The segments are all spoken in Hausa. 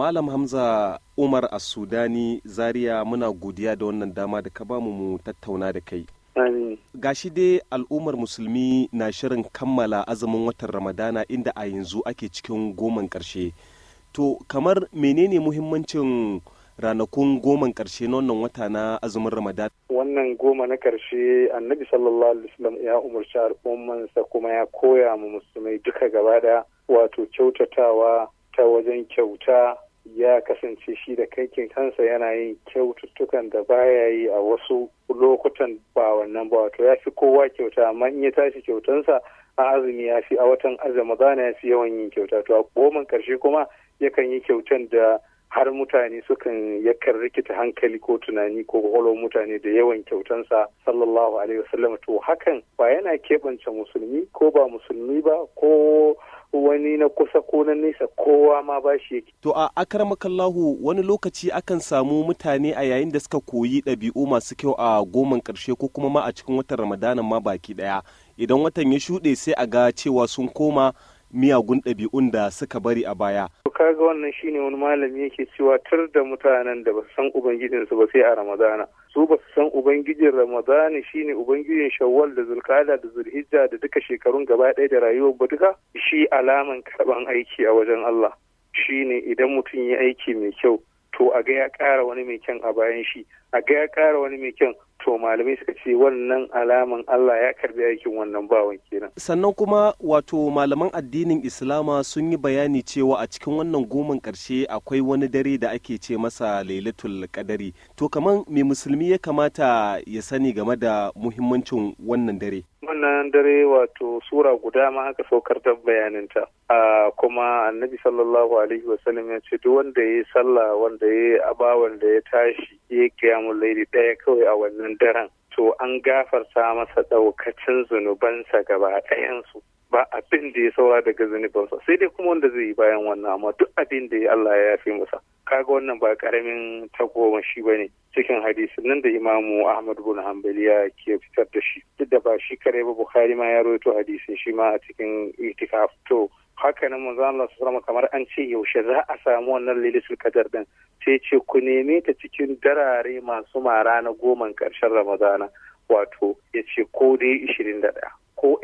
Malam Hamza Umar a Sudani Zaria muna godiya da wannan dama da ka bamu mu tattauna da kai. Gashi dai al'ummar musulmi na shirin kammala azumin watan Ramadana inda a yanzu ake cikin goman karshe To, kamar menene muhimmancin ranakun goman karshe na wannan wata na azumin Ramadana? Wannan goma na karshe annabi sallallahu alaihi wasallam ya umarci al'ummansa kuma ya koya mu musulmai duka gaba wato kyautatawa ta wajen kyauta ya kasance shi da kaikin kansa yana yin kyaututtukan da baya yi a wasu lokutan ba wannan ba wato ya fi kowa kyauta amma in ya tashi kyautansa a azumi ya fi a watan azumi ya fi yawan yin kyauta to a goman karshe kuma yakan yi kyautan da har mutane sukan yakan rikita hankali ko tunani ko kwakwalwar mutane da yawan kyautansa sallallahu alaihi wasallam to hakan ba yana keɓance musulmi ko ba musulmi ba ko wani na kusa ko na nesa kowa ma ba shi yake. To a akarmakallahu wani lokaci akan samu mutane a yayin da suka koyi ɗabi'u masu kyau a goman ƙarshe ko kuma ma a cikin watan Ramadanan ma baki ɗaya. Idan watan ya shuɗe sai a ga cewa sun koma miyagun ɗabi'un da suka bari a baya. kaga wannan shine wani malami yake cewa tar da mutanen da ba san ubangijinsu ba sai a ramadana su ba su san ubangijin ramadana shine ubangijin shawwal da zulkada da zulhijja da duka shekarun gaba ɗaya da rayuwar ba duka shi alaman karɓan aiki a wajen Allah shine idan mutum ya aiki mai kyau to a ga ya ƙara wani mai kyan a bayan shi a ga ya kara wani mai kyan to malamai suka ce wannan alaman Allah ya karbi aikin wannan bawan kenan. Sannan kuma wato malaman addinin Islama sun yi bayani cewa a cikin wannan goman ƙarshe akwai wani dare da ake ce masa lailatul kadari. To kaman me musulmi ya kamata ya sani game da muhimmancin wannan dare? wannan dare wato sura guda ma aka saukar da bayaninta kuma annabi sallallahu alaihi wasallam ya ce duk wanda ya yi sallah wanda ya yi abawan da ya tashi ya kiyamun laili ɗaya kawai a wannan daren to an gafarta masa ɗaukacin zunubansa gaba ɗayansu ba abin da ya saura daga zunubansa sai dai kuma wanda zai yi bayan wannan amma duk abin da ya Allah ya yafe masa kaga wannan ba karamin tagomashi ba ne cikin hadisin nan da imamu ahmad bin hanbali ya ke fitar da shi duk da ba shi kare ba bukhari ma ya rawaito hadisin shi ma a cikin itikaf to haka nan zan Allah sallallahu kamar an ce yaushe za a samu wannan lilisul kadar din sai ce ku neme ta cikin darare masu mara na goma karshen ramadana wato ya ce ko dai da ɗaya ko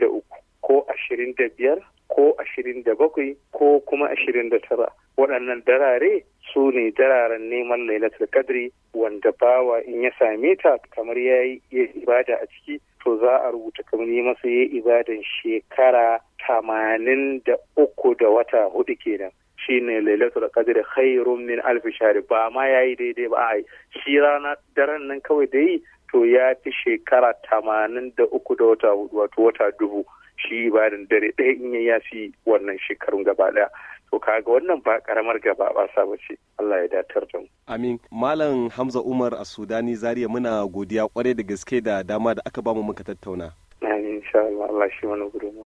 da uku ko ashirin da biyar ko ashirin da bakwai ko kuma ashirin da tara. waɗannan darare su ne dararen neman lailatul kadri wanda bawa in ya same ta kamar ya yi ibada a ciki to za a rubuta kamar yi masa ya ibadan shekara tamanin da uku da wata hudu kenan shine lailatul da khairun min alf shahr ba ma yayi daidai ba ai shi rana daren nan kawai da yi to ya fi shekara tamanin da uku da wata hudu wato wata dubu shi da dare daya in ya fi wannan shekarun gaba ɗaya to kaga wannan ba karamar gaba ba sa ce Allah ya datar da mu amin malam Hamza Umar a Sudani Zaria muna godiya kwarai da gaske da dama da aka bamu muka tattauna amin insha Allah Allah shi mana gudunmu